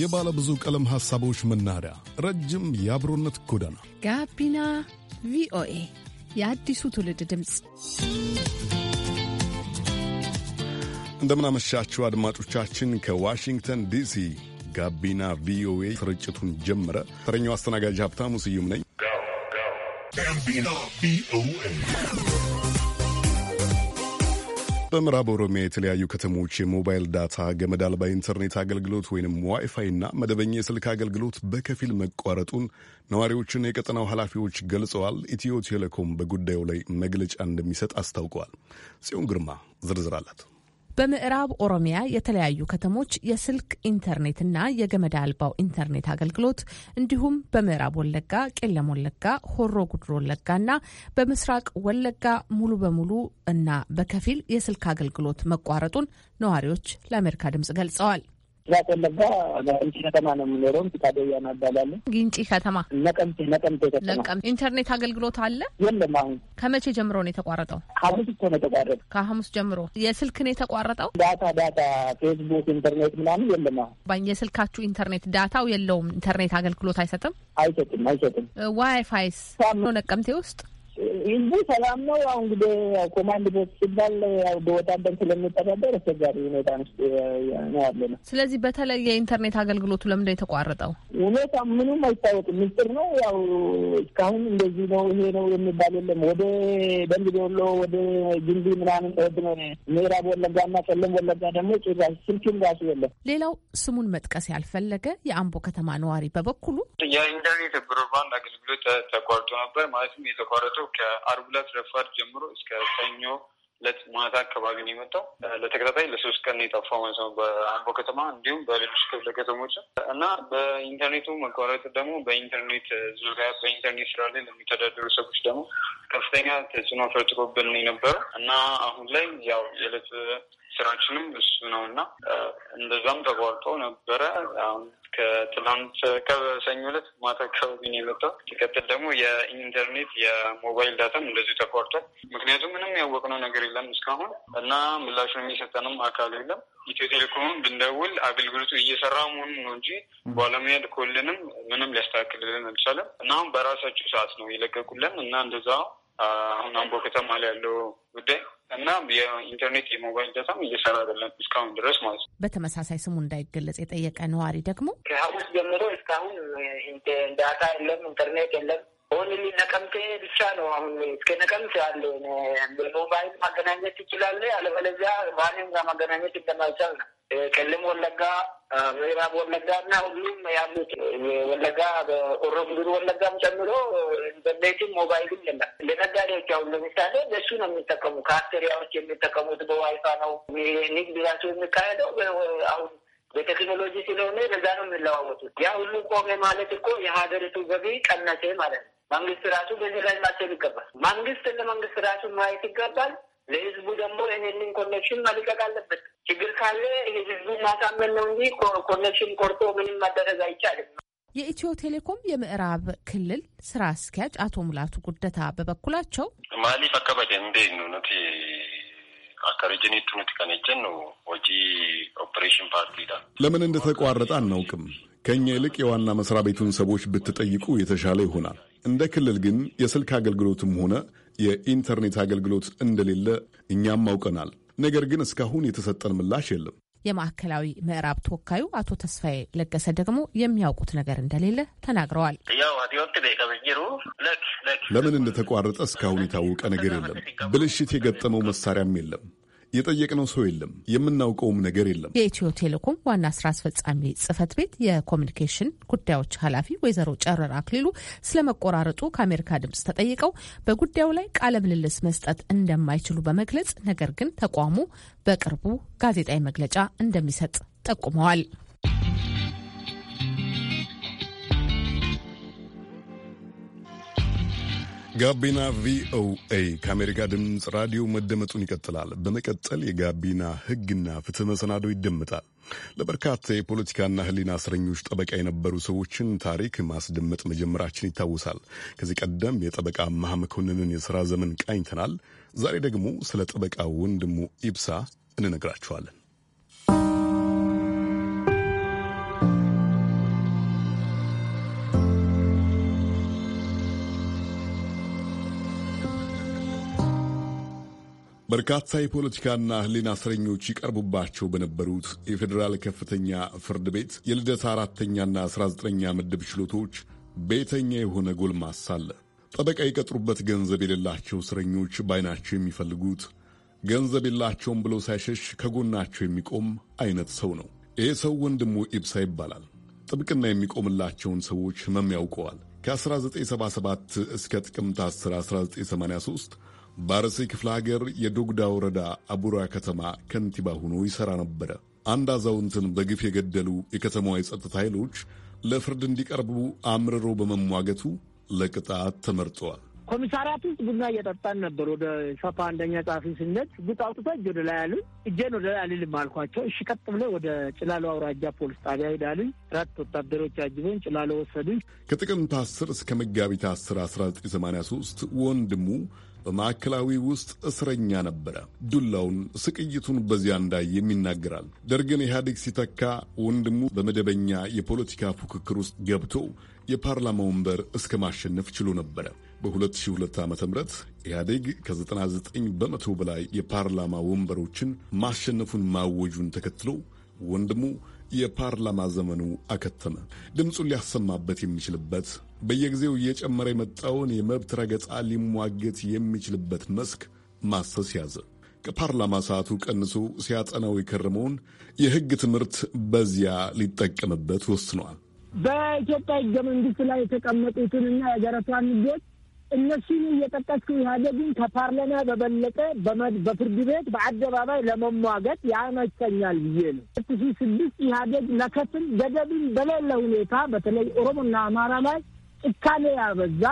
የባለ ብዙ ቀለም ሐሳቦች መናኸሪያ፣ ረጅም የአብሮነት ጎዳና ጋቢና ቪኦኤ የአዲሱ ትውልድ ድምፅ። እንደምናመሻችሁ አድማጮቻችን፣ ከዋሽንግተን ዲሲ ጋቢና ቪኦኤ ስርጭቱን ጀመረ። ተረኛው አስተናጋጅ ሀብታሙ ስዩም ነኝ። ጋቢና ቪኦኤ በምዕራብ ኦሮሚያ የተለያዩ ከተሞች የሞባይል ዳታ ገመድ አልባ ኢንተርኔት አገልግሎት ወይም ዋይፋይና መደበኛ የስልክ አገልግሎት በከፊል መቋረጡን ነዋሪዎችና የቀጠናው ኃላፊዎች ገልጸዋል። ኢትዮ ቴሌኮም በጉዳዩ ላይ መግለጫ እንደሚሰጥ አስታውቀዋል። ጽዮን ግርማ ዝርዝር አላት። በምዕራብ ኦሮሚያ የተለያዩ ከተሞች የስልክ ኢንተርኔትና የገመድ አልባው ኢንተርኔት አገልግሎት እንዲሁም በምዕራብ ወለጋ፣ ቄለም ወለጋ፣ ሆሮ ጉድሮ ወለጋና በምስራቅ ወለጋ ሙሉ በሙሉ እና በከፊል የስልክ አገልግሎት መቋረጡን ነዋሪዎች ለአሜሪካ ድምጽ ገልጸዋል። ስራት ያለባ ነቀምቴ ከተማ ነው የምኖረው። ፊታደያ ናባላለ ግንጪ ከተማ ነቀምቴ ነቀምቴ ከተማ ኢንተርኔት አገልግሎት አለ የለም? አሁን ከመቼ ጀምሮ ነው የተቋረጠው? ሐሙስ እኮ ነው የተቋረጠ። ከሐሙስ ጀምሮ የስልክ ነው የተቋረጠው። ዳታ ዳታ ፌስቡክ፣ ኢንተርኔት ምናምን የለም። አሁን ባኝ የስልካችሁ ኢንተርኔት ዳታው የለውም። ኢንተርኔት አገልግሎት አይሰጥም አይሰጥም አይሰጥም። ዋይፋይስ ነው ነቀምቴ ውስጥ ህዝቡ ሰላም ነው። ያው እንግዲህ ኮማንድ ፖስት ሲባል ያው በወታደር ስለሚተዳደር አስቸጋሪ ሁኔታ ነው ያለ ነው። ስለዚህ በተለይ የኢንተርኔት አገልግሎቱ ለምንድን ነው የተቋረጠው? ሁኔታ ምንም አይታወቅም፣ ምስጢር ነው። ያው እስካሁን እንደዚህ ነው ይሄ ነው የሚባል የለም። ወደ ደንብ ዶሎ፣ ወደ ግንቢ ምናምን ወድ ነው ምዕራብ ወለጋ ወለጋና ቄለም ወለጋ ደግሞ ጭራሽ ስልክም ራሱ የለም። ሌላው ስሙን መጥቀስ ያልፈለገ የአምቦ ከተማ ነዋሪ በበኩሉ የኢንተርኔት ብሮድባንድ አገልግሎት ተቋርጦ ነበር። ማለትም የተቋረጠው ከአርብ ዕለት ረፋድ ጀምሮ እስከ ሰኞ ዕለት ማታ አካባቢ ነው የመጣው። ለተከታታይ ለሶስት ቀን የጠፋው ማለት ነው በአምቦ ከተማ እንዲሁም በሌሎች ክፍለ ከተሞች እና በኢንተርኔቱ መቋረጥ ደግሞ በኢንተርኔት ዙሪያ በኢንተርኔት ስራ ላይ ለሚተዳደሩ ሰዎች ደግሞ ከፍተኛ ተጽዕኖ ፈርጥቆብን የነበረው እና አሁን ላይ ያው የዕለት ስራችንም እሱ ነው እና እንደዛም ተቋርጦ ነበረ። ከትላንት ከሰኞ ዕለት ማታ አካባቢ ነው የመጣው። ሲቀጥል ደግሞ የኢንተርኔት የሞባይል ዳታም እንደዚሁ ተቋርጧል። ምክንያቱም ምንም ያወቅነው ነገር የለም እስካሁን እና ምላሹን የሚሰጠንም አካል የለም። ኢትዮ ቴሌኮምም ብንደውል አገልግሎቱ እየሰራ መሆኑን ነው እንጂ ባለሙያ ልኮልንም ምንም ሊያስተካክልልን አልቻለም እና አሁን በራሳቸው ሰዓት ነው የለቀቁለን እና እንደዛ አሁን አምቦ ከተማ ላይ ያለው ጉዳይ እና የኢንተርኔት የሞባይል ዳታም እየሰራ አይደለም እስካሁን ድረስ ማለት ነው። በተመሳሳይ ስሙ እንዳይገለጽ የጠየቀ ነዋሪ ደግሞ ከሀሙስ ጀምሮ እስካሁን ዳታ የለም፣ ኢንተርኔት የለም ኦንሊ ነቀምቴ ብቻ ነው። አሁን እስከ ነቀምቴ አለ በሞባይል ማገናኘት ትችላለ። አለበለዚያ ባንም ጋር ማገናኘት እንደማይቻል ነው። ቄለም ወለጋ፣ ምዕራብ ወለጋ እና ሁሉም ያሉት ወለጋ ኦሮምዱር ወለጋም ጨምሮ ኢንተርኔትም ሞባይልም የለም። ለነጋዴዎች አሁን ለምሳሌ ለሱ ነው የሚጠቀሙ። ካፍቴሪያዎች የሚጠቀሙት በዋይፋ ነው። ንግድ ራሱ የሚካሄደው አሁን በቴክኖሎጂ ስለሆነ በዛ ነው የሚለዋወጡት። ያ ሁሉ ቆሜ ማለት እኮ የሀገሪቱ ገቢ ቀነሴ ማለት ነው። መንግስት ራሱ በዚህ ላይ ማሰብ ይገባል። መንግስት ለመንግስት ራሱ ማየት ይገባል። ለህዝቡ ደግሞ ይህንን ኮኔክሽን መልቀቅ አለበት። ችግር ካለ ህዝቡ ማሳመን ነው እንጂ ኮኔክሽን ቆርጦ ምንም ማደረግ አይቻልም። የኢትዮ ቴሌኮም የምዕራብ ክልል ስራ አስኪያጅ አቶ ሙላቱ ጉደታ በበኩላቸው ማሊ አካባቢ እንዴ ነት አካሬጅኔቱ ነት ከነጀን ነው ወጪ ኦፕሬሽን ፓርቲ ዳ ለምን እንደተቋረጠ አናውቅም። ከእኛ ይልቅ የዋና መስሪያ ቤቱን ሰዎች ብትጠይቁ የተሻለ ይሆናል። እንደ ክልል ግን የስልክ አገልግሎትም ሆነ የኢንተርኔት አገልግሎት እንደሌለ እኛም አውቀናል። ነገር ግን እስካሁን የተሰጠን ምላሽ የለም። የማዕከላዊ ምዕራብ ተወካዩ አቶ ተስፋዬ ለገሰ ደግሞ የሚያውቁት ነገር እንደሌለ ተናግረዋል። ለምን እንደተቋረጠ እስካሁን የታወቀ ነገር የለም። ብልሽት የገጠመው መሳሪያም የለም። የጠየቅነው ሰው የለም፣ የምናውቀውም ነገር የለም። የኢትዮ ቴሌኮም ዋና ስራ አስፈጻሚ ጽህፈት ቤት የኮሚኒኬሽን ጉዳዮች ኃላፊ ወይዘሮ ጨረር አክሊሉ ስለ መቆራረጡ ከአሜሪካ ድምጽ ተጠይቀው በጉዳዩ ላይ ቃለ ምልልስ መስጠት እንደማይችሉ በመግለጽ ነገር ግን ተቋሙ በቅርቡ ጋዜጣዊ መግለጫ እንደሚሰጥ ጠቁመዋል። ጋቢና ቪኦኤ ከአሜሪካ ድምፅ ራዲዮ መደመጡን ይቀጥላል። በመቀጠል የጋቢና ሕግና ፍትህ መሰናዶ ይደመጣል። ለበርካታ የፖለቲካና ህሊና እስረኞች ጠበቃ የነበሩ ሰዎችን ታሪክ ማስደመጥ መጀመራችን ይታወሳል። ከዚህ ቀደም የጠበቃ መሐ መኮንንን የሥራ ዘመን ቃኝተናል። ዛሬ ደግሞ ስለ ጠበቃ ወንድሙ ኢብሳ እንነግራችኋለን። በርካታ የፖለቲካና ሕሊና እስረኞች ይቀርቡባቸው በነበሩት የፌዴራል ከፍተኛ ፍርድ ቤት የልደታ አራተኛና አስራ ዘጠነኛ ምድብ ችሎቶች ቤተኛ የሆነ ጎልማሳ አለ። ጠበቃ የቀጥሩበት ገንዘብ የሌላቸው እስረኞች በዓይናቸው የሚፈልጉት ገንዘብ የላቸውም ብሎ ሳይሸሽ ከጎናቸው የሚቆም አይነት ሰው ነው። ይህ ሰው ወንድሙ ኢብሳ ይባላል። ጥብቅና የሚቆምላቸውን ሰዎች ህመም ያውቀዋል። ከ1977 እስከ ጥቅምት 10 1983 በአርሴ ክፍለ ሀገር የዶግዳ ወረዳ አቡራ ከተማ ከንቲባ ሆኖ ይሠራ ነበረ። አንድ አዛውንትን በግፍ የገደሉ የከተማዋ የጸጥታ ኃይሎች ለፍርድ እንዲቀርቡ አምርሮ በመሟገቱ ለቅጣት ተመርጠዋል። ኮሚሳሪያት ውስጥ ቡና እየጠጣን ነበር። ወደ ሰፋ አንደኛ ጸሐፊ ስነት ጉጥ አውጥቶ እጅ ወደ ላይ አሉኝ። እጄን ወደ ላይ አልልም አልኳቸው። እሺ ቀጥ ብለ ወደ ጭላሎ አውራጃ ፖሊስ ጣቢያ ሄዳሉኝ። ራት ወታደሮች አጅበኝ ጭላሎ ወሰዱኝ። ከጥቅምት አስር እስከ መጋቢት 10 ሶስት ወንድሙ በማዕከላዊ ውስጥ እስረኛ ነበረ። ዱላውን፣ ስቅይቱን በዚያ እንዳየ ይናገራል። ደርግን ኢህአዴግ ሲተካ ወንድሙ በመደበኛ የፖለቲካ ፉክክር ውስጥ ገብቶ የፓርላማ ወንበር እስከ ማሸነፍ ችሎ ነበረ። በ2002 ዓ ም ኢህአዴግ ከ99 በመቶ በላይ የፓርላማ ወንበሮችን ማሸነፉን ማወጁን ተከትሎ ወንድሙ የፓርላማ ዘመኑ አከተመ። ድምፁን ሊያሰማበት የሚችልበት በየጊዜው እየጨመረ የመጣውን የመብት ረገጻ ሊሟገት የሚችልበት መስክ ማሰስ ያዘ። ከፓርላማ ሰዓቱ ቀንሶ ሲያጠናው የከረመውን የሕግ ትምህርት በዚያ ሊጠቀምበት ወስኗል። በኢትዮጵያ ሕገ መንግስት ላይ የተቀመጡትንና የሀገሪቷን ሕጎች እነሱን እየጠቀስኩ ኢህአዴግን ከፓርላማ በበለጠ በፍርድ ቤት በአደባባይ ለመሟገት ያመቸኛል ብዬ ነው። ሁለት ሺ ስድስት ኢህአዴግ ለከፍል ገደብን በሌለ ሁኔታ በተለይ ኦሮሞና አማራ ላይ ጭካኔ ያበዛ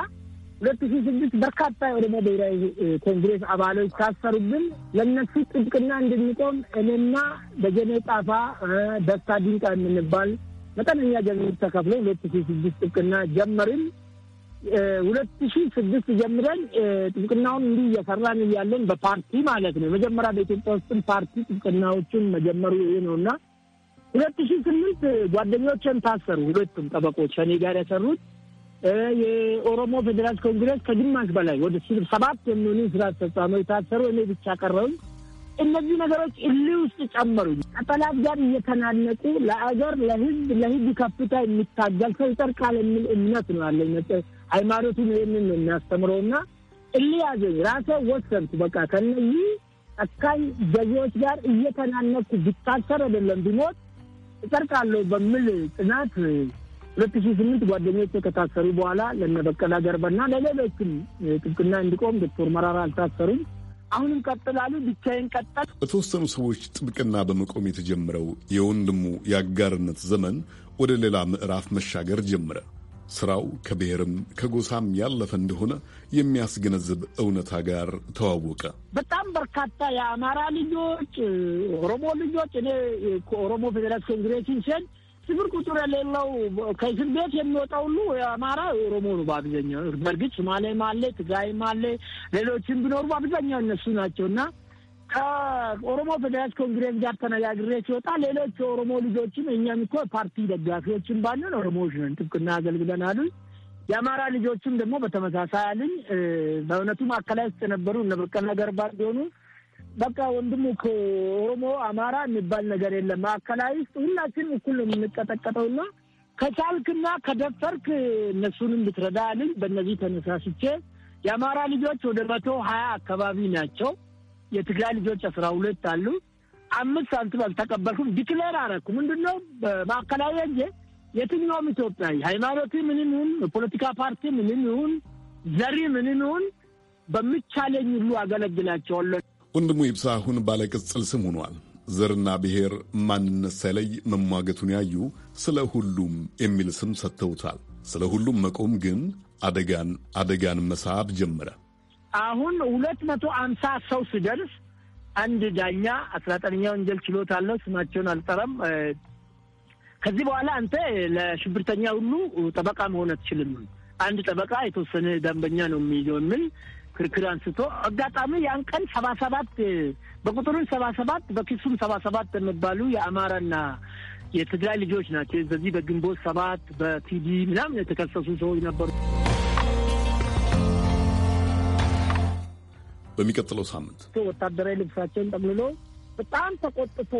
ሁለት ሺ ስድስት በርካታ የኦሮሞ ብሔራዊ ኮንግሬስ አባሎች ታሰሩብን። ለእነሱ ጥብቅና እንድንቆም እኔና በጀኔ ጣፋ ደስታ ድንቃ የምንባል መጠነኛ ገንዘብ ተከፍሎ ሁለት ሺ ስድስት ጥብቅና ጀመርን። ሁለት ሺ ስድስት ጀምረን ጥብቅናውን እንዲህ እየሰራን እያለን በፓርቲ ማለት ነው። መጀመሪያ በኢትዮጵያ ውስጥም ፓርቲ ጥብቅናዎችን መጀመሩ ይህ ነው እና ሁለት ሺ ስምንት ጓደኞችን ታሰሩ። ሁለቱም ጠበቆች ከኔ ጋር ያሰሩት የኦሮሞ ፌዴራል ኮንግረስ ከግማሽ በላይ ወደ ሰባት የሚሆኑ ስራ አስፈጻሚዎች ታሰሩ። እኔ ብቻ ቀረሁኝ። እነዚህ ነገሮች እልህ ውስጥ ጨመሩ። ከጠላት ጋር እየተናነቁ ለአገር፣ ለህዝብ፣ ለህዝብ ከፍታ የሚታገል ሰው ይጠርቃል የሚል እምነት ነው ያለኝ። ሃይማኖቱን ይህንን ነው የሚያስተምረውና እልያዘኝ ራሰ ወሰንኩ። በቃ ከነዚህ ጨካኝ ገዢዎች ጋር እየተናነኩ ቢታሰር አይደለም ቢሞት እጠርቃለሁ በሚል ጥናት ሁለት ሺ ስምንት ጓደኞች ከታሰሩ በኋላ ለነ በቀለ ገርባና ለሌሎችም ጥብቅና እንዲቆም ዶክተር መራራ አልታሰሩም። አሁንም ቀጥላሉ። ብቻዬን ቀጠል። በተወሰኑ ሰዎች ጥብቅና በመቆም የተጀመረው የወንድሙ የአጋርነት ዘመን ወደ ሌላ ምዕራፍ መሻገር ጀምረ ስራው ከብሔርም ከጎሳም ያለፈ እንደሆነ የሚያስገነዝብ እውነታ ጋር ተዋወቀ። በጣም በርካታ የአማራ ልጆች፣ ኦሮሞ ልጆች እኔ ከኦሮሞ ፌዴራል ኮንግሬሽን ሲሄድ ስፍር ቁጥር የሌለው ከእስር ቤት የሚወጣ ሁሉ የአማራ ኦሮሞ ነው በአብዛኛው። በእርግጥ ሶማሌም አለ፣ ትግራይም አለ፣ ሌሎችም ቢኖሩ በአብዛኛው እነሱ ናቸው እና ከኦሮሞ ፌዴራል ኮንግሬስ ጋር ተነጋግሬ ሲወጣ ሌሎች የኦሮሞ ልጆችም እኛም እኮ ፓርቲ ደጋፊዎችም ባለን ኦሮሞዎች ነን፣ ጥብቅና አገልግለን አሉኝ። የአማራ ልጆችም ደግሞ በተመሳሳይ አልኝ። በእውነቱ ማዕከላዊ ውስጥ የነበሩ እነ በቀለ ገርባ ቢሆኑ በቃ ወንድሙ ከኦሮሞ አማራ የሚባል ነገር የለም። ማዕከላዊ ውስጥ ሁላችን እኩል ነው የምንቀጠቀጠውና ከቻልክና ከደፈርክ እነሱንም ብትረዳ አልኝ። በእነዚህ ተነሳስቼ የአማራ ልጆች ወደ መቶ ሀያ አካባቢ ናቸው። የትግራይ ልጆች አስራ ሁለት አሉ። አምስት ሳንቲም አልተቀበልኩም። ዲክሌር አረኩ። ምንድነው ማዕከላዊ እንጂ የትኛውም ኢትዮጵያዊ ሃይማኖት ምንም ይሁን የፖለቲካ ፓርቲ ምንም ይሁን ዘሪ ምንም ይሁን በሚቻለኝ ሁሉ አገለግላቸዋለሁ። ወንድሙ ይብሳ አሁን ባለቅጽል ስም ሆኗል። ዘርና ብሔር ማንነት ሳይለይ መሟገቱን ያዩ ስለ ሁሉም የሚል ስም ሰጥተውታል። ስለ ሁሉም መቆም ግን አደጋን አደጋን መሳብ ጀመረ። አሁን ሁለት መቶ አምሳ ሰው ሲደርስ አንድ ዳኛ አስራ ዘጠነኛ ወንጀል ችሎት አለው። ስማቸውን አልጠራም። ከዚህ በኋላ አንተ ለሽብርተኛ ሁሉ ጠበቃ መሆን አትችልም፣ አንድ ጠበቃ የተወሰነ ደንበኛ ነው የሚይዘው የሚል ክርክር አንስቶ አጋጣሚ ያን ቀን ሰባ ሰባት በቁጥሩን ሰባ ሰባት በክሱም ሰባ ሰባት የሚባሉ የአማራና የትግራይ ልጆች ናቸው። በዚህ በግንቦት ሰባት በቲዲ ምናምን የተከሰሱ ሰዎች ነበሩ። በሚቀጥለው ሳምንት ወታደራዊ ልብሳቸውን ጠቅልሎ በጣም ተቆጥቶ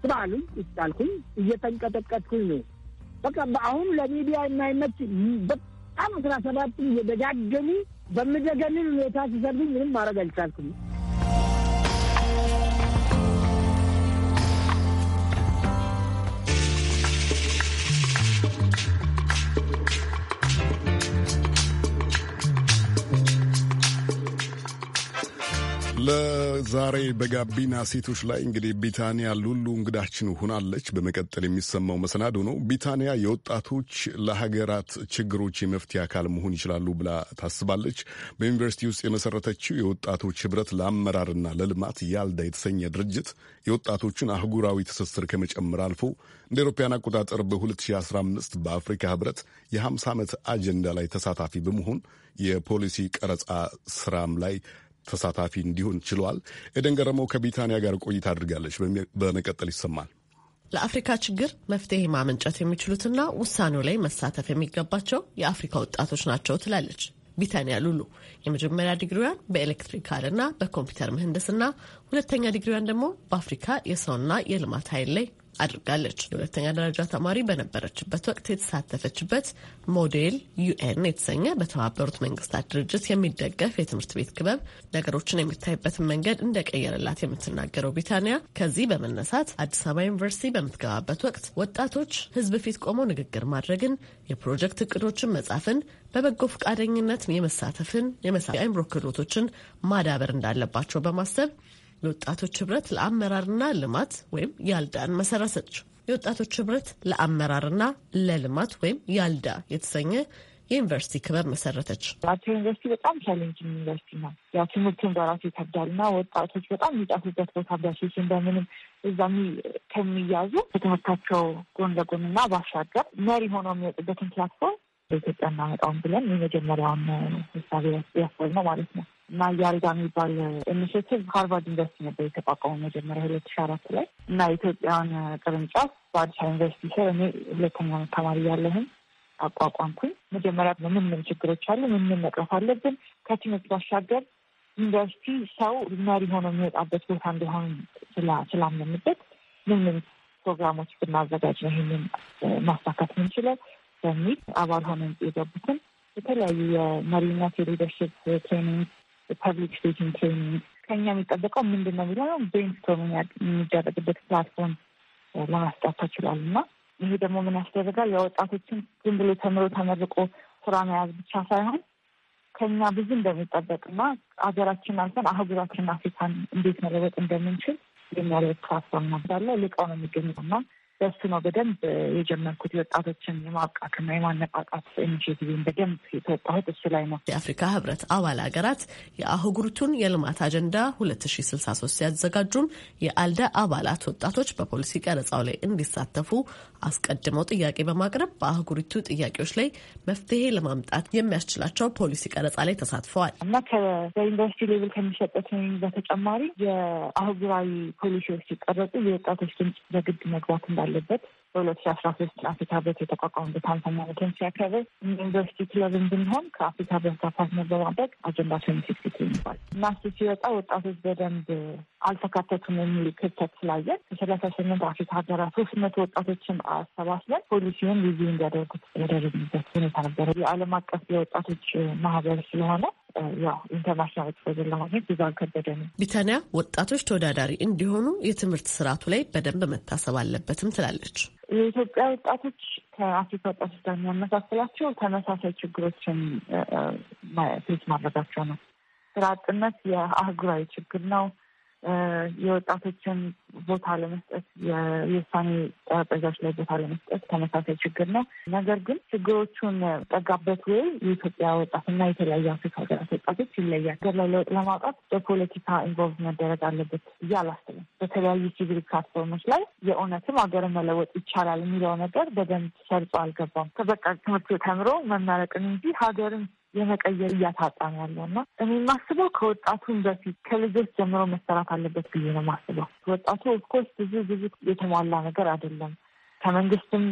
ስባልም ይቻልኩኝ እየተንቀጠቀጥኩኝ ነው። በቃ አሁን ለሚዲያ የማይመች በጣም አስራ ሰባት እየደጋገሙ በምደገንን ሁኔታ ሲሰርብኝ ምንም ማድረግ አልቻልኩም። ለዛሬ በጋቢና ሴቶች ላይ እንግዲህ ቢታንያ ሉሉ እንግዳችን ሆናለች። በመቀጠል የሚሰማው መሰናዶ ነው። ቢታንያ የወጣቶች ለሀገራት ችግሮች የመፍትሄ አካል መሆን ይችላሉ ብላ ታስባለች። በዩኒቨርሲቲ ውስጥ የመሰረተችው የወጣቶች ህብረት ለአመራርና ለልማት ያልዳ የተሰኘ ድርጅት የወጣቶቹን አህጉራዊ ትስስር ከመጨመር አልፎ እንደ አውሮፓውያን አቆጣጠር በ2015 በአፍሪካ ህብረት የ50 ዓመት አጀንዳ ላይ ተሳታፊ በመሆን የፖሊሲ ቀረጻ ስራም ላይ ተሳታፊ እንዲሆን ችሏል። ኤደን ገረመው ከቢታንያ ጋር ቆይታ አድርጋለች። በመቀጠል ይሰማል። ለአፍሪካ ችግር መፍትሄ ማመንጨት የሚችሉትና ውሳኔው ላይ መሳተፍ የሚገባቸው የአፍሪካ ወጣቶች ናቸው ትላለች ቢታንያ ሉሉ። የመጀመሪያ ዲግሪዋን በኤሌክትሪካል እና በኮምፒውተር ምህንድስና፣ ሁለተኛ ዲግሪዋን ደግሞ በአፍሪካ የሰውና የልማት ኃይል ላይ አድርጋለች። የሁለተኛ ደረጃ ተማሪ በነበረችበት ወቅት የተሳተፈችበት ሞዴል ዩኤን የተሰኘ በተባበሩት መንግስታት ድርጅት የሚደገፍ የትምህርት ቤት ክበብ ነገሮችን የሚታይበትን መንገድ እንደቀየረላት የምትናገረው ቢታንያ ከዚህ በመነሳት አዲስ አበባ ዩኒቨርሲቲ በምትገባበት ወቅት ወጣቶች ህዝብ ፊት ቆመው ንግግር ማድረግን፣ የፕሮጀክት እቅዶችን መጻፍን፣ በበጎ ፈቃደኝነት የመሳተፍን የመሳ የአእምሮ ክህሎቶችን ማዳበር እንዳለባቸው በማሰብ የወጣቶች ህብረት ለአመራርና ልማት ወይም ያልዳን መሰረተች። የወጣቶች ህብረት ለአመራርና ለልማት ወይም ያልዳ የተሰኘ የዩኒቨርሲቲ ክበብ መሰረተች። አቶ ዩኒቨርሲቲ በጣም ቻሌንጅ ዩኒቨርሲቲ ነው። ያው ትምህርቱን በራሱ ይከብዳል እና ወጣቶች በጣም የሚጠፉበት ቦታ በሱስን በምንም እዛ ከሚያዙ ከትምህርታቸው ጎን ለጎን እና ባሻገር መሪ ሆነው የሚወጡበትን ፕላትፎርም በኢትዮጵያ እናመጣውን ብለን የመጀመሪያውን ሀሳብ ነው ማለት ነው። እና ያሬዳ የሚባል ኢኒሽቲቭ ሀርቫርድ ዩኒቨርሲቲ ነበር የተቋቋመ መጀመሪያ ሁለት ሺ አራት ላይ እና የኢትዮጵያን ቅርንጫፍ በአዲስ አበባ ዩኒቨርሲቲ ስር እኔ ሁለተኛ ዓመት ተማሪ ያለሁኝ አቋቋምኩኝ። መጀመሪያ ምን ምን ችግሮች አሉ፣ ምን ምን መቅረፍ አለብን፣ ከትምህርት ባሻገር ዩኒቨርሲቲ ሰው መሪ ሆኖ የሚወጣበት ቦታ እንደሆን ስላምንበት ምን ምን ፕሮግራሞች ብናዘጋጅ ነው ይህንን ማሳካት ምንችለው በሚል አባል ሆነ የገቡትን የተለያዩ የመሪነት የሊደርሽፕ ትሬኒንግ ፐብሊክ ስፒኪንግ ትሬኒንግ ከኛ የሚጠበቀው ምንድን ነው ብለው ብሬንስቶርሚንግ የሚደረግበት ፕላትፎርም ለማስጣት ተችሏል። እና ይሄ ደግሞ ምን ያስደረጋል? የወጣቶችን ዝም ብሎ ተምሮ ተመርቆ ስራ መያዝ ብቻ ሳይሆን ከኛ ብዙ እንደሚጠበቅ እና አገራችን አልፈን አህጉራችን አፍሪካን እንዴት መለወጥ እንደምንችል የሚያደርግ ፕላትፎርም ናለ ልቀው ነው የሚገኙትና በሱ ነው በደንብ የጀመርኩት የወጣቶችን የማብቃትና የማነቃቃት ኢኒሽቲቭን በደንብ የተወጣሁት እሱ ላይ ነው። የአፍሪካ ህብረት አባል ሀገራት የአህጉሪቱን የልማት አጀንዳ ሶስት ሲያዘጋጁም የአልደ አባላት ወጣቶች በፖሊሲ ቀረጻው ላይ እንዲሳተፉ አስቀድመው ጥያቄ በማቅረብ በአህጉሪቱ ጥያቄዎች ላይ መፍትሄ ለማምጣት የሚያስችላቸው ፖሊሲ ቀረጻ ላይ ተሳትፈዋል እና ከዩኒቨርሲቲ ሌቭል ከሚሰጠት በተጨማሪ የአህጉራዊ ፖሊሲዎች ሲቀረጹ የወጣቶች ድምጽ በግድ መግባት እንዳለ ባለበት በሁለት ሺ አስራ ሶስት አፍሪካ ህብረት የተቋቋመበት ሀምሳኛ ዓመትን ሲያከብር ዩኒቨርሲቲ ክለብን ብንሆን ከአፍሪካ ህብረት ጋር ፓርትነር በማድረግ አጀንዳ ትዌንቲ ሲክስቲ ይባል እና እሱ ሲወጣ ወጣቶች በደንብ አልተካተቱም የሚል ክፍተት ስላየን ከሰላሳ ስምንት አፍሪካ ሀገራት ሶስት መቶ ወጣቶችን አሰባስበን ፖሊሲውን ሪቪው እንዲያደርጉት ያደረግንበት ሁኔታ ነበረ። የዓለም አቀፍ የወጣቶች ማህበር ስለሆነ ያው ኢንተርናሽናል ኤክስፖዘር ለማግኘት ብዙ አልከበደንም። ቢታንያ ወጣቶች ተወዳዳሪ እንዲሆኑ የትምህርት ስርዓቱ ላይ በደንብ መታሰብ አለበትም ትላለች። የኢትዮጵያ ወጣቶች ከአፍሪካ ወጣቶች ጋር የሚያመሳስላቸው ተመሳሳይ ችግሮችን ፌስ ማድረጋቸው ነው። ስራ አጥነት የአህጉራዊ ችግር ነው። የወጣቶችን ቦታ ለመስጠት የውሳኔ ጠረጴዛዎች ላይ ቦታ ለመስጠት ተመሳሳይ ችግር ነው። ነገር ግን ችግሮቹን ጠጋበት ወይ የኢትዮጵያ ወጣትና የተለያዩ አፍሪካ ሀገራት ወጣቶች ይለያል። ገር ላይ ለውጥ ለማውጣት በፖለቲካ ኢንቮልቭ መደረግ አለበት ብዬ አላስብም። በተለያዩ ሲቪል ፕላትፎርሞች ላይ የእውነትም ሀገር መለወጥ ይቻላል የሚለው ነገር በደንብ ሰርጾ አልገባም። በቃ ትምህርት ተምሮ መመረቅን እንጂ ሀገርን የመቀየር እያታጣን ያለው እና እኔ የማስበው ከወጣቱን በፊት ከልጆች ጀምሮ መሰራት አለበት ብዬ ነው የማስበው። ወጣቱ ኦፍኮርስ ብዙ ብዙ የተሟላ ነገር አይደለም። ከመንግስትም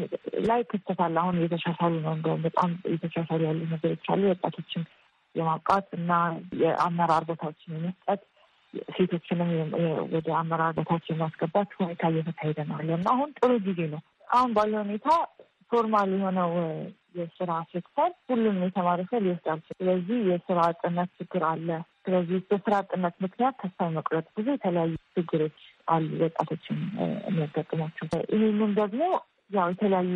ላይ ክፍተት አለ። አሁን እየተሻሻሉ ነው፣ እንደውም በጣም እየተሻሻሉ ያሉ ነገሮች አሉ። ወጣቶችን የማብቃት እና የአመራር ቦታዎችን የመስጠት ሴቶችንም ወደ አመራር ቦታዎች የማስገባት ሁኔታ እየተካሄደ ነው ያለው እና አሁን ጥሩ ጊዜ ነው። አሁን ባለ ሁኔታ ፎርማል የሆነው የስራ ሴክተር ሁሉም የተማረ ሰው ይወስዳል ስለዚህ የስራ አጥነት ችግር አለ። ስለዚህ በስራ አጥነት ምክንያት ተስፋ መቁረጥ፣ ብዙ የተለያዩ ችግሮች አሉ ወጣቶችን የሚያጋጥሟቸው። ይህንም ደግሞ ያው የተለያዩ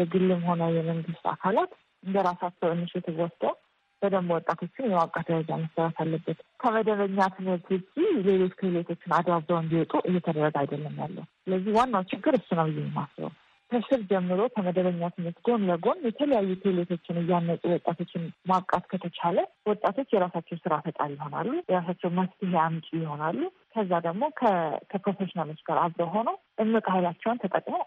የግልም ሆነ የመንግስት አካላት እንደ ራሳቸው ኢኒሽቲቭ ወስደው በደንብ ወጣቶችን የማብቃት ደረጃ መሰራት አለበት። ከመደበኛ ትምህርት ውጭ ሌሎች ክህሎቶችን አዳብረው እንዲወጡ እየተደረገ አይደለም ያለው። ስለዚህ ዋናው ችግር እሱ ነው ብዬ የማስበው። ከስር ጀምሮ ከመደበኛ ትምህርት ጎን ለጎን የተለያዩ ክህሎቶችን እያነጹ ወጣቶችን ማብቃት ከተቻለ ወጣቶች የራሳቸው ስራ ፈጣሪ ይሆናሉ፣ የራሳቸው መፍትሄ አምጪ ይሆናሉ። ከዛ ደግሞ ከፕሮፌሽናሎች ጋር አብረው ሆነው እምቅ ኃይላቸውን ተጠቅመው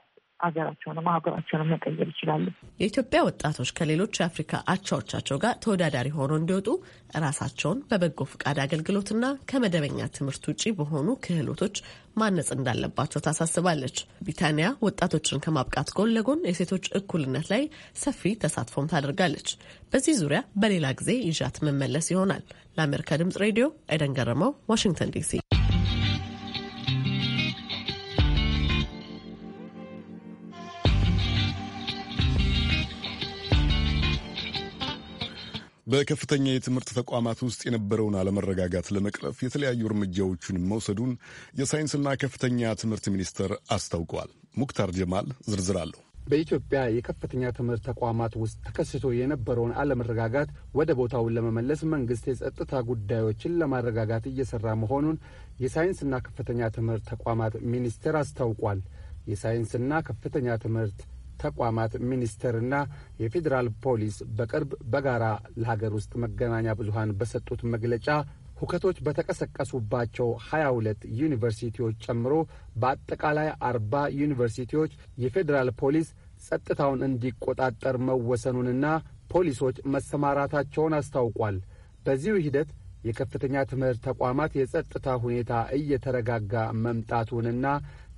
ሀገራቸውንም ሀገራቸውንም መቀየር ይችላሉ። የኢትዮጵያ ወጣቶች ከሌሎች የአፍሪካ አቻዎቻቸው ጋር ተወዳዳሪ ሆኖ እንዲወጡ ራሳቸውን በበጎ ፈቃድ አገልግሎትና ከመደበኛ ትምህርት ውጪ በሆኑ ክህሎቶች ማነጽ እንዳለባቸው ታሳስባለች። ቢታንያ ወጣቶችን ከማብቃት ጎን ለጎን የሴቶች እኩልነት ላይ ሰፊ ተሳትፎም ታደርጋለች። በዚህ ዙሪያ በሌላ ጊዜ ይዣት መመለስ ይሆናል። ለአሜሪካ ድምጽ ሬዲዮ ኤደን ገረመው፣ ዋሽንግተን ዲሲ በከፍተኛ የትምህርት ተቋማት ውስጥ የነበረውን አለመረጋጋት ለመቅረፍ የተለያዩ እርምጃዎችን መውሰዱን የሳይንስና ከፍተኛ ትምህርት ሚኒስቴር አስታውቋል። ሙክታር ጀማል ዝርዝር አለው። በኢትዮጵያ የከፍተኛ ትምህርት ተቋማት ውስጥ ተከስቶ የነበረውን አለመረጋጋት ወደ ቦታውን ለመመለስ መንግስት የጸጥታ ጉዳዮችን ለማረጋጋት እየሰራ መሆኑን የሳይንስና ከፍተኛ ትምህርት ተቋማት ሚኒስቴር አስታውቋል። የሳይንስና ከፍተኛ ትምህርት ተቋማት ሚኒስቴርና የፌዴራል ፖሊስ በቅርብ በጋራ ለሀገር ውስጥ መገናኛ ብዙሃን በሰጡት መግለጫ ሁከቶች በተቀሰቀሱባቸው 22 ዩኒቨርሲቲዎች ጨምሮ በአጠቃላይ 40 ዩኒቨርሲቲዎች የፌዴራል ፖሊስ ጸጥታውን እንዲቆጣጠር መወሰኑንና ፖሊሶች መሰማራታቸውን አስታውቋል። በዚሁ ሂደት የከፍተኛ ትምህርት ተቋማት የጸጥታ ሁኔታ እየተረጋጋ መምጣቱንና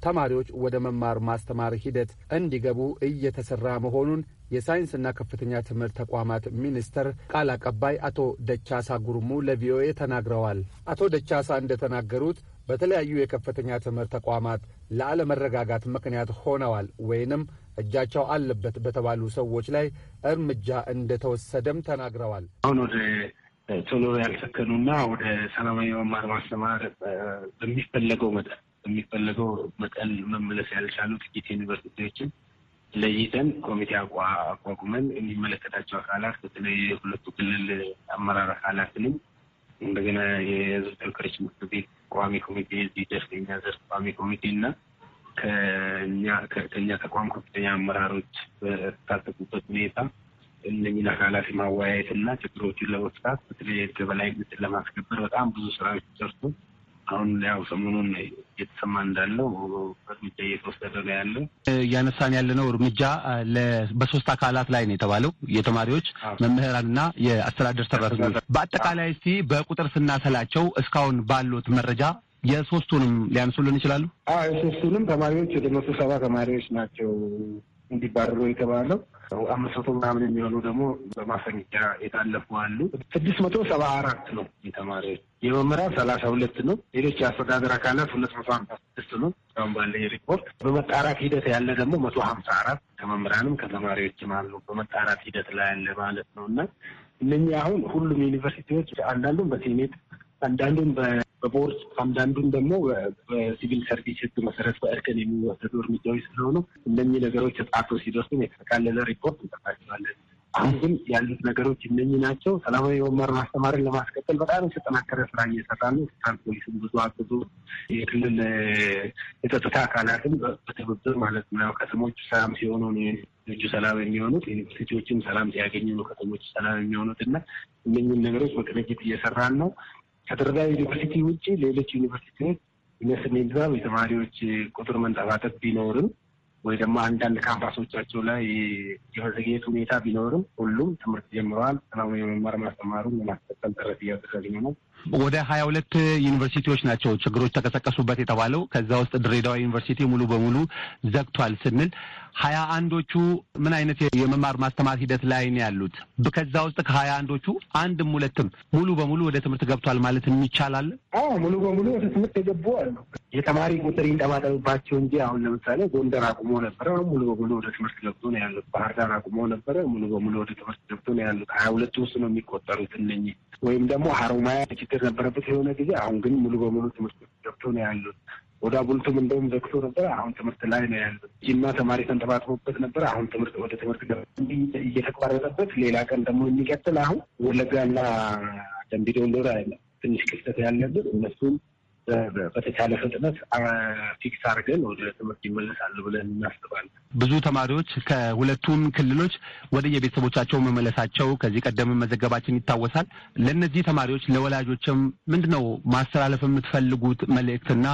ተማሪዎች ወደ መማር ማስተማር ሂደት እንዲገቡ እየተሰራ መሆኑን የሳይንስና ከፍተኛ ትምህርት ተቋማት ሚኒስቴር ቃል አቀባይ አቶ ደቻሳ ጉርሙ ለቪኦኤ ተናግረዋል። አቶ ደቻሳ እንደተናገሩት በተለያዩ የከፍተኛ ትምህርት ተቋማት ለአለመረጋጋት ምክንያት ሆነዋል ወይንም እጃቸው አለበት በተባሉ ሰዎች ላይ እርምጃ እንደተወሰደም ተናግረዋል። አሁን ወደ ቶሎ ያልሰከኑና ወደ ሰላማዊ መማር ማስተማር በሚፈለገው መጠን የሚፈለገው መጠን መመለስ ያልቻሉ ጥቂት ዩኒቨርሲቲዎችን ለይተን ኮሚቴ አቋቁመን የሚመለከታቸው አካላት በተለይ የሁለቱ ክልል አመራር አካላትንም እንደገና የህዝብ ተወካዮች ምክር ቤት ቋሚ ኮሚቴ እዚህ ደስተኛ ዘርፍ ቋሚ ኮሚቴ እና ከእኛ ተቋም ከፍተኛ አመራሮች በተሳተፉበት ሁኔታ እነኝን አካላት ማወያየት እና ችግሮችን ለመፍታት በተለይ ህግ የበላይነትን ለማስከበር በጣም ብዙ ስራዎች ሰርቶ አሁን ያው ሰሞኑን እየተሰማ እንዳለው እርምጃ እየተወሰደ ነው ያለው። እያነሳን ያለ ነው። እርምጃ በሶስት አካላት ላይ ነው የተባለው የተማሪዎች መምህራንና የአስተዳደር ሰራተኞች። በአጠቃላይ እስቲ በቁጥር ስናሰላቸው እስካሁን ባሉት መረጃ የሶስቱንም ሊያንሱልን ይችላሉ? የሶስቱንም ተማሪዎች ወደ መቶ ሰባ ተማሪዎች ናቸው እንዲባረሩ የተባለው አምስት መቶ ምናምን የሚሆኑ ደግሞ በማሰኛ የታለፉ አሉ። ስድስት መቶ ሰባ አራት ነው የተማሪዎች የመምህራን ሰላሳ ሁለት ነው። ሌሎች የአስተዳደር አካላት ሁለት መቶ ሀምሳ ስድስት ነው። እስካሁን ባለ ሪፖርት በመጣራት ሂደት ያለ ደግሞ መቶ ሀምሳ አራት ከመምህራንም ከተማሪዎችም አሉ በመጣራት ሂደት ላይ ያለ ማለት ነው እና እነኛ አሁን ሁሉም ዩኒቨርሲቲዎች አንዳንዱም በሴኔት አንዳንዱም በቦርድ አንዳንዱን ደግሞ በሲቪል ሰርቪስ ሕግ መሰረት በእርከን የሚወሰዱ እርምጃዎች ስለሆኑ እነኚህ ነገሮች ተጣቶ ሲደርሱም የተጠቃለለ ሪፖርት እንጠፋቸዋለን። አሁን ግን ያሉት ነገሮች እነኚህ ናቸው። ሰላማዊ የመማር ማስተማርን ለማስቀጠል በጣም የተጠናከረ ስራ እየሰራ ነው። ስታን ፖሊስም ብዙ አብዙ የክልል የጸጥታ አካላትም በትብብር ማለት ነው። ከተሞች ሰላም ሲሆኑ ቹ ሰላም የሚሆኑት ዩኒቨርሲቲዎችም ሰላም ሲያገኙ ነው ከተሞች ሰላም የሚሆኑት እና እነኚህን ነገሮች በቅንጅት እየሰራን ነው። ከድሬዳዋ ዩኒቨርሲቲ ውጭ ሌሎች ዩኒቨርሲቲዎች ይመስለኝ ዛ የተማሪዎች ቁጥር መንጠባጠብ ቢኖርም ወይ ደግሞ አንዳንድ ካምፓሶቻቸው ላይ የመዘግየት ሁኔታ ቢኖርም ሁሉም ትምህርት ጀምረዋል። ሰላማዊ የመማር ማስተማሩን ለማስቀጠል ጥረት እያደረግን ነው። ወደ ሀያ ሁለት ዩኒቨርሲቲዎች ናቸው ችግሮች ተቀሰቀሱበት የተባለው። ከዛ ውስጥ ድሬዳዋ ዩኒቨርሲቲ ሙሉ በሙሉ ዘግቷል ስንል ሀያ አንዶቹ ምን አይነት የመማር ማስተማር ሂደት ላይ ነው ያሉት? ከዛ ውስጥ ከሀያ አንዶቹ አንድም ሁለትም ሙሉ በሙሉ ወደ ትምህርት ገብቷል ማለት ይቻላል? አዎ ሙሉ በሙሉ ወደ ትምህርት የገቡ አሉ። የተማሪ ቁጥር ይንጠባጠብባቸው እንጂ አሁን ለምሳሌ ጎንደር አቁሞ ነበረ፣ ሙሉ በሙሉ ወደ ትምህርት ገብቶ ነው ያሉት። ባህር ዳር አቁሞ ነበረ፣ ሙሉ በሙሉ ወደ ትምህርት ገብቶ ነው ያሉት። ሀያ ሁለቱ ውስጥ ነው የሚቆጠሩት እነኚህ ወይም ደግሞ ሀሮማያ ችግር ነበረበት የሆነ ጊዜ። አሁን ግን ሙሉ በሙሉ ትምህርት ገብቶ ነው ያሉት። ወደ አቡልቱም እንደውም ዘግቶ ነበር። አሁን ትምህርት ላይ ነው ያሉት። ጅማ ተማሪ ተንጠባጥቦበት ነበር። አሁን ትምህርት ወደ ትምህርት ገ እየተቋረጠበት፣ ሌላ ቀን ደግሞ የሚቀጥል አሁን ወለጋና ደንቢዶሎ ላይ ትንሽ ክፍተት ያለብን እነሱም በተቻለ ፍጥነት ፊክስ አድርገን ወደ ትምህርት ይመለሳሉ ብለን እናስባለን። ብዙ ተማሪዎች ከሁለቱም ክልሎች ወደ የቤተሰቦቻቸው መመለሳቸው ከዚህ ቀደም መዘገባችን ይታወሳል። ለእነዚህ ተማሪዎች ለወላጆችም ምንድን ነው ማስተላለፍ የምትፈልጉት መልእክትና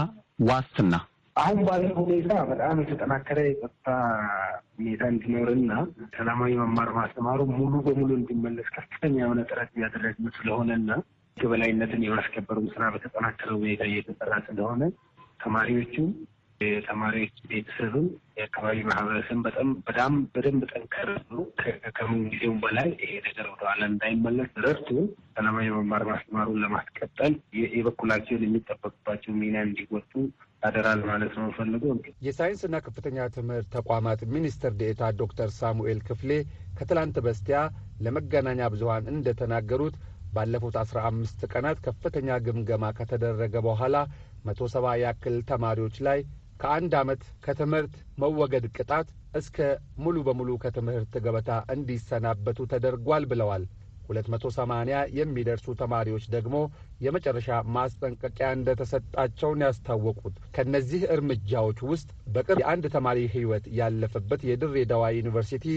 ዋስትና? አሁን ባለው ሁኔታ በጣም የተጠናከረ የጸጥታ ሁኔታ እንዲኖርና ሰላማዊ መማር ማስተማሩ ሙሉ በሙሉ እንዲመለስ ከፍተኛ የሆነ ጥረት እያደረግን ስለሆነና ገበላይነትን የማስከበሩን ስራ በተጠናከረ ሁኔታ እየተጠራ ስለሆነ ተማሪዎቹም የተማሪዎች ቤተሰብም የአካባቢ ማህበረሰብ በጣም በጣም በደንብ ጠንከር ከምን ጊዜውም በላይ ይሄ ነገር ወደኋላ እንዳይመለስ ረድቶ ሰላማዊ መማር ማስተማሩን ለማስቀጠል የበኩላቸውን የሚጠበቅባቸው ሚና እንዲወጡ አደራል ማለት ነው ፈልገው የሳይንስና ከፍተኛ ትምህርት ተቋማት ሚኒስትር ዴኤታ ዶክተር ሳሙኤል ክፍሌ ከትላንት በስቲያ ለመገናኛ ብዙሀን እንደተናገሩት ባለፉት 15 ቀናት ከፍተኛ ግምገማ ከተደረገ በኋላ 170 ያክል ተማሪዎች ላይ ከአንድ ዓመት ከትምህርት መወገድ ቅጣት እስከ ሙሉ በሙሉ ከትምህርት ገበታ እንዲሰናበቱ ተደርጓል ብለዋል። 280 የሚደርሱ ተማሪዎች ደግሞ የመጨረሻ ማስጠንቀቂያ እንደተሰጣቸውን ያስታወቁት። ከእነዚህ እርምጃዎች ውስጥ በቅርብ የአንድ ተማሪ ሕይወት ያለፈበት የድሬዳዋ ዩኒቨርሲቲ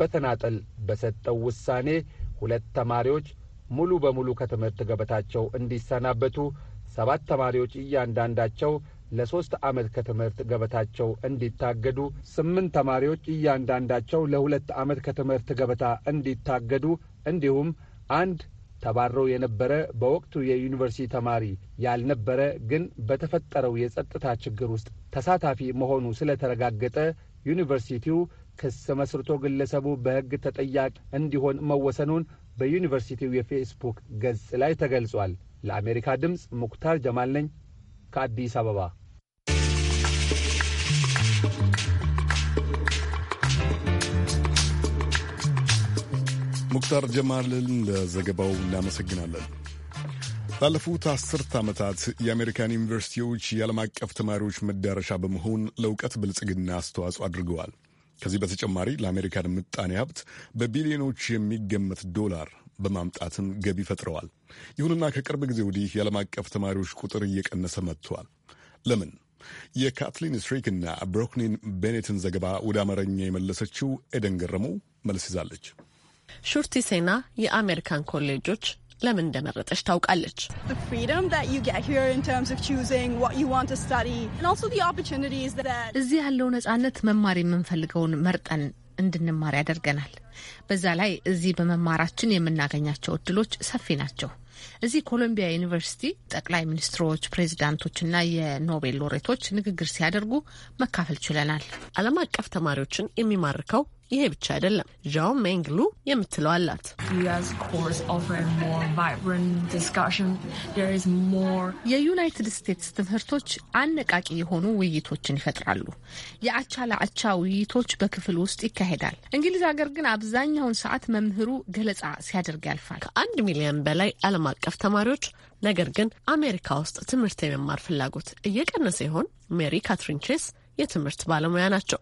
በተናጠል በሰጠው ውሳኔ ሁለት ተማሪዎች ሙሉ በሙሉ ከትምህርት ገበታቸው እንዲሰናበቱ ሰባት ተማሪዎች እያንዳንዳቸው ለሦስት ዓመት ከትምህርት ገበታቸው እንዲታገዱ፣ ስምንት ተማሪዎች እያንዳንዳቸው ለሁለት ዓመት ከትምህርት ገበታ እንዲታገዱ እንዲሁም አንድ ተባሮ የነበረ በወቅቱ የዩኒቨርሲቲ ተማሪ ያልነበረ ግን በተፈጠረው የጸጥታ ችግር ውስጥ ተሳታፊ መሆኑ ስለተረጋገጠ ዩኒቨርሲቲው ክስ መስርቶ ግለሰቡ በሕግ ተጠያቂ እንዲሆን መወሰኑን በዩኒቨርሲቲው የፌስቡክ ገጽ ላይ ተገልጿል። ለአሜሪካ ድምፅ ሙክታር ጀማል ነኝ ከአዲስ አበባ። ሙክታር ጀማልን ለዘገባው እናመሰግናለን። ባለፉት አስርት ዓመታት የአሜሪካን ዩኒቨርሲቲዎች የዓለም አቀፍ ተማሪዎች መዳረሻ በመሆን ለእውቀት ብልጽግና አስተዋጽኦ አድርገዋል። ከዚህ በተጨማሪ ለአሜሪካን ምጣኔ ሀብት በቢሊዮኖች የሚገመት ዶላር በማምጣትም ገቢ ፈጥረዋል። ይሁንና ከቅርብ ጊዜ ወዲህ የዓለም አቀፍ ተማሪዎች ቁጥር እየቀነሰ መጥቷል። ለምን? የካትሊን ስትሪክና ብሮክኒን ቤኔትን ዘገባ ወደ አማርኛ የመለሰችው ኤደን ገረመው መልስ ይዛለች። ሹርቲ ሴና የአሜሪካን ኮሌጆች ለምን እንደመረጠች ታውቃለች። እዚህ ያለው ነጻነት መማር የምንፈልገውን መርጠን እንድንማር ያደርገናል። በዛ ላይ እዚህ በመማራችን የምናገኛቸው እድሎች ሰፊ ናቸው። እዚህ ኮሎምቢያ ዩኒቨርሲቲ ጠቅላይ ሚኒስትሮች፣ ፕሬዚዳንቶችና የኖቤል ሎሬቶች ንግግር ሲያደርጉ መካፈል ችለናል። ዓለም አቀፍ ተማሪዎችን የሚማርከው ይሄ ብቻ አይደለም። ዣው ሜንግሉ የምትለው አላት። የዩናይትድ ስቴትስ ትምህርቶች አነቃቂ የሆኑ ውይይቶችን ይፈጥራሉ። የአቻ ለአቻ ውይይቶች በክፍል ውስጥ ይካሄዳል። እንግሊዝ ሀገር ግን አብዛኛውን ሰዓት መምህሩ ገለጻ ሲያደርግ ያልፋል። ከአንድ ሚሊዮን በላይ ዓለም አቀፍ ተማሪዎች ነገር ግን አሜሪካ ውስጥ ትምህርት የመማር ፍላጎት እየቀነሰ ይሆን? ሜሪ ካትሪን ቼስ የትምህርት ባለሙያ ናቸው።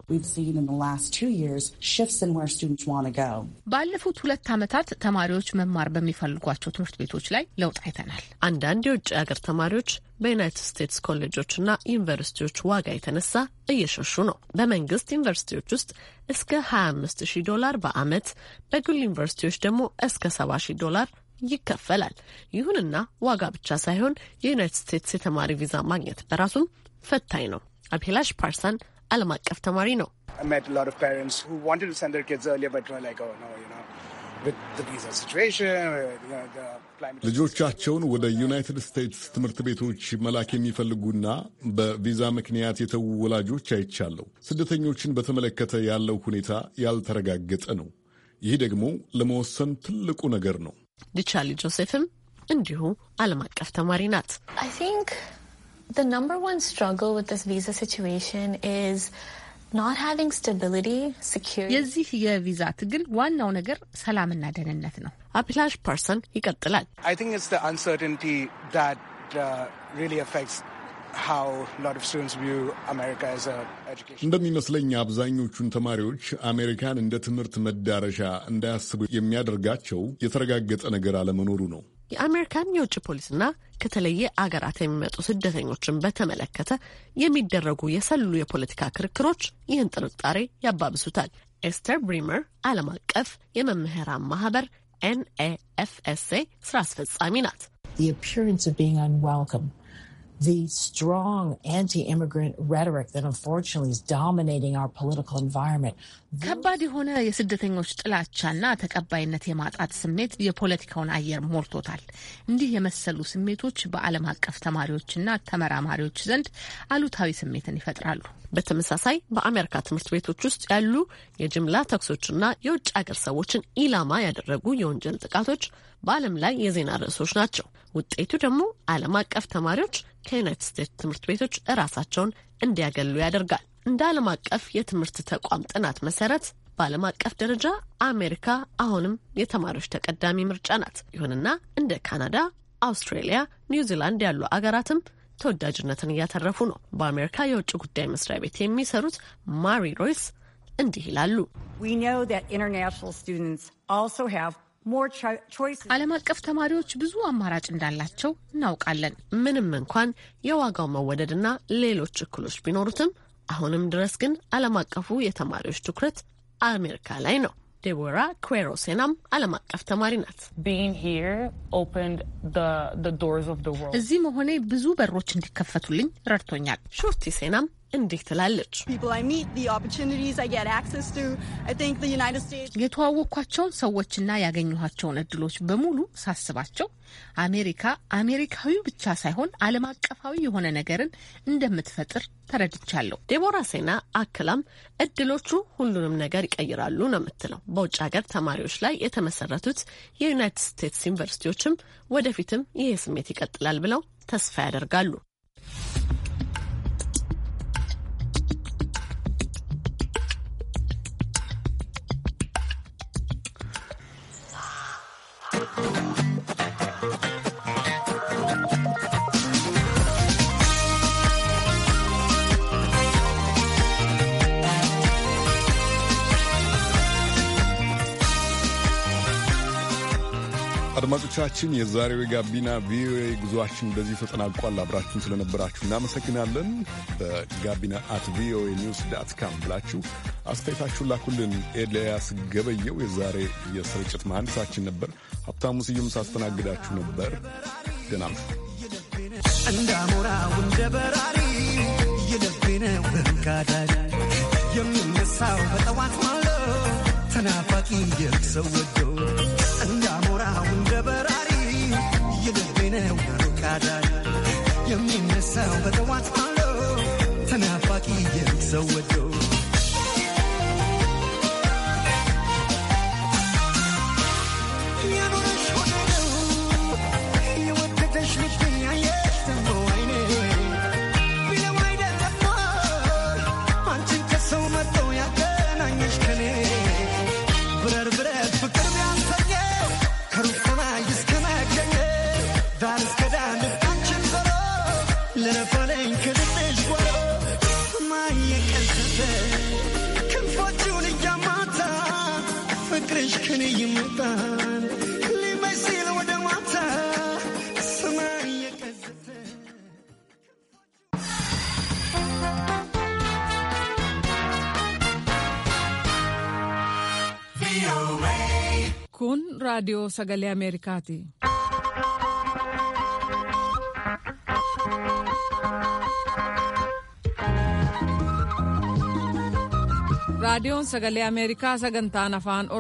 ባለፉት ሁለት ዓመታት ተማሪዎች መማር በሚፈልጓቸው ትምህርት ቤቶች ላይ ለውጥ አይተናል። አንዳንድ የውጭ ሀገር ተማሪዎች በዩናይትድ ስቴትስ ኮሌጆችና ዩኒቨርሲቲዎች ዋጋ የተነሳ እየሸሹ ነው። በመንግስት ዩኒቨርሲቲዎች ውስጥ እስከ 25 ሺህ ዶላር በአመት በግል ዩኒቨርሲቲዎች ደግሞ እስከ 70 ሺህ ዶላር ይከፈላል። ይሁንና ዋጋ ብቻ ሳይሆን የዩናይትድ ስቴትስ የተማሪ ቪዛ ማግኘት በራሱም ፈታኝ ነው። አቤላሽ ፓርሰን ዓለም አቀፍ ተማሪ ነው። oh, uh, ልጆቻቸውን ወደ ዩናይትድ ስቴትስ ትምህርት ቤቶች መላክ የሚፈልጉና በቪዛ ምክንያት የተዉ ወላጆች አይቻለሁ። ስደተኞችን በተመለከተ ያለው ሁኔታ ያልተረጋገጠ ነው። ይህ ደግሞ ለመወሰን ትልቁ ነገር ነው። ልቻሊ ጆሴፍም እንዲሁ ዓለም አቀፍ ተማሪ ናት። The number one struggle with this visa situation is not having stability, security. የዚህ የቪዛ ትግል ዋናው ነገር ሰላምና ደህንነት ነው። አፕላሽ ፐርሰን ይቀጥላል። I think it's the uncertainty that uh, really affects እንደሚመስለኝ አብዛኞቹን ተማሪዎች አሜሪካን እንደ ትምህርት መዳረሻ እንዳያስቡ የሚያደርጋቸው የተረጋገጠ ነገር አለመኖሩ ነው። የአሜሪካን የውጭ ፖሊስና ከተለየ አገራት የሚመጡ ስደተኞችን በተመለከተ የሚደረጉ የሰሉ የፖለቲካ ክርክሮች ይህን ጥርጣሬ ያባብሱታል። ኤስተር ብሪመር ዓለም አቀፍ የመምህራን ማህበር ኤንኤኤፍኤስኤ ስራ አስፈጻሚ ናት። the strong anti-immigrant rhetoric that unfortunately is dominating our political environment ከባድ የሆነ የስደተኞች ጥላቻና ተቀባይነት የማጣት ስሜት የፖለቲካውን አየር ሞልቶታል። እንዲህ የመሰሉ ስሜቶች በዓለም አቀፍ ተማሪዎችና ተመራማሪዎች ዘንድ አሉታዊ ስሜትን ይፈጥራሉ። በተመሳሳይ በአሜሪካ ትምህርት ቤቶች ውስጥ ያሉ የጅምላ ተኩሶችና የውጭ ሀገር ሰዎችን ኢላማ ያደረጉ የወንጀል ጥቃቶች በዓለም ላይ የዜና ርዕሶች ናቸው። ውጤቱ ደግሞ ዓለም አቀፍ ተማሪዎች ከዩናይትድ ስቴትስ ትምህርት ቤቶች እራሳቸውን እንዲያገሉ ያደርጋል። እንደ ዓለም አቀፍ የትምህርት ተቋም ጥናት መሰረት በዓለም አቀፍ ደረጃ አሜሪካ አሁንም የተማሪዎች ተቀዳሚ ምርጫ ናት። ይሁንና እንደ ካናዳ፣ አውስትሬሊያ፣ ኒውዚላንድ ያሉ አገራትም ተወዳጅነትን እያተረፉ ነው። በአሜሪካ የውጭ ጉዳይ መስሪያ ቤት የሚሰሩት ማሪ ሮይስ እንዲህ ይላሉ። ዓለም አቀፍ ተማሪዎች ብዙ አማራጭ እንዳላቸው እናውቃለን። ምንም እንኳን የዋጋው መወደድና ሌሎች እክሎች ቢኖሩትም አሁንም ድረስ ግን ዓለም አቀፉ የተማሪዎች ትኩረት አሜሪካ ላይ ነው። ዴቦራ ኩዌሮ ሴናም ዓለም አቀፍ ተማሪ ናት። እዚህ መሆኔ ብዙ በሮች እንዲከፈቱልኝ ረድቶኛል። ሾርቲ ሴናም እንዲህ ትላለች። የተዋወቅኳቸውን ሰዎችና ያገኘኋቸውን እድሎች በሙሉ ሳስባቸው አሜሪካ አሜሪካዊ ብቻ ሳይሆን ዓለም አቀፋዊ የሆነ ነገርን እንደምትፈጥር ተረድቻለሁ። ዴቦራ ሴና አክላም እድሎቹ ሁሉንም ነገር ይቀይራሉ ነው የምትለው። በውጭ ሀገር ተማሪዎች ላይ የተመሰረቱት የዩናይትድ ስቴትስ ዩኒቨርሲቲዎችም ወደፊትም ይሄ ስሜት ይቀጥላል ብለው ተስፋ ያደርጋሉ። አድማጮቻችን የዛሬው የጋቢና ቪኦኤ ጉዞአችን በዚህ ተጠናቋል። አብራችሁን ስለነበራችሁ እናመሰግናለን። በጋቢና አት ቪኦኤ ኒውስ ዳት ካም ብላችሁ አስተያየታችሁን ላኩልን። ኤልያስ ገበየው የዛሬ የስርጭት መሐንዲሳችን ነበር። ሀብታሙ ስዩም ሳስተናግዳችሁ ነበር። ደህና ነው። የልቤነው የምነሳው በጠዋት ማለው ተናፋቂ የሰወደው እንዳሞራውን የልቤ ነው raadiyoo sagalee raadiyoon sagalee ameerikaa sagantaan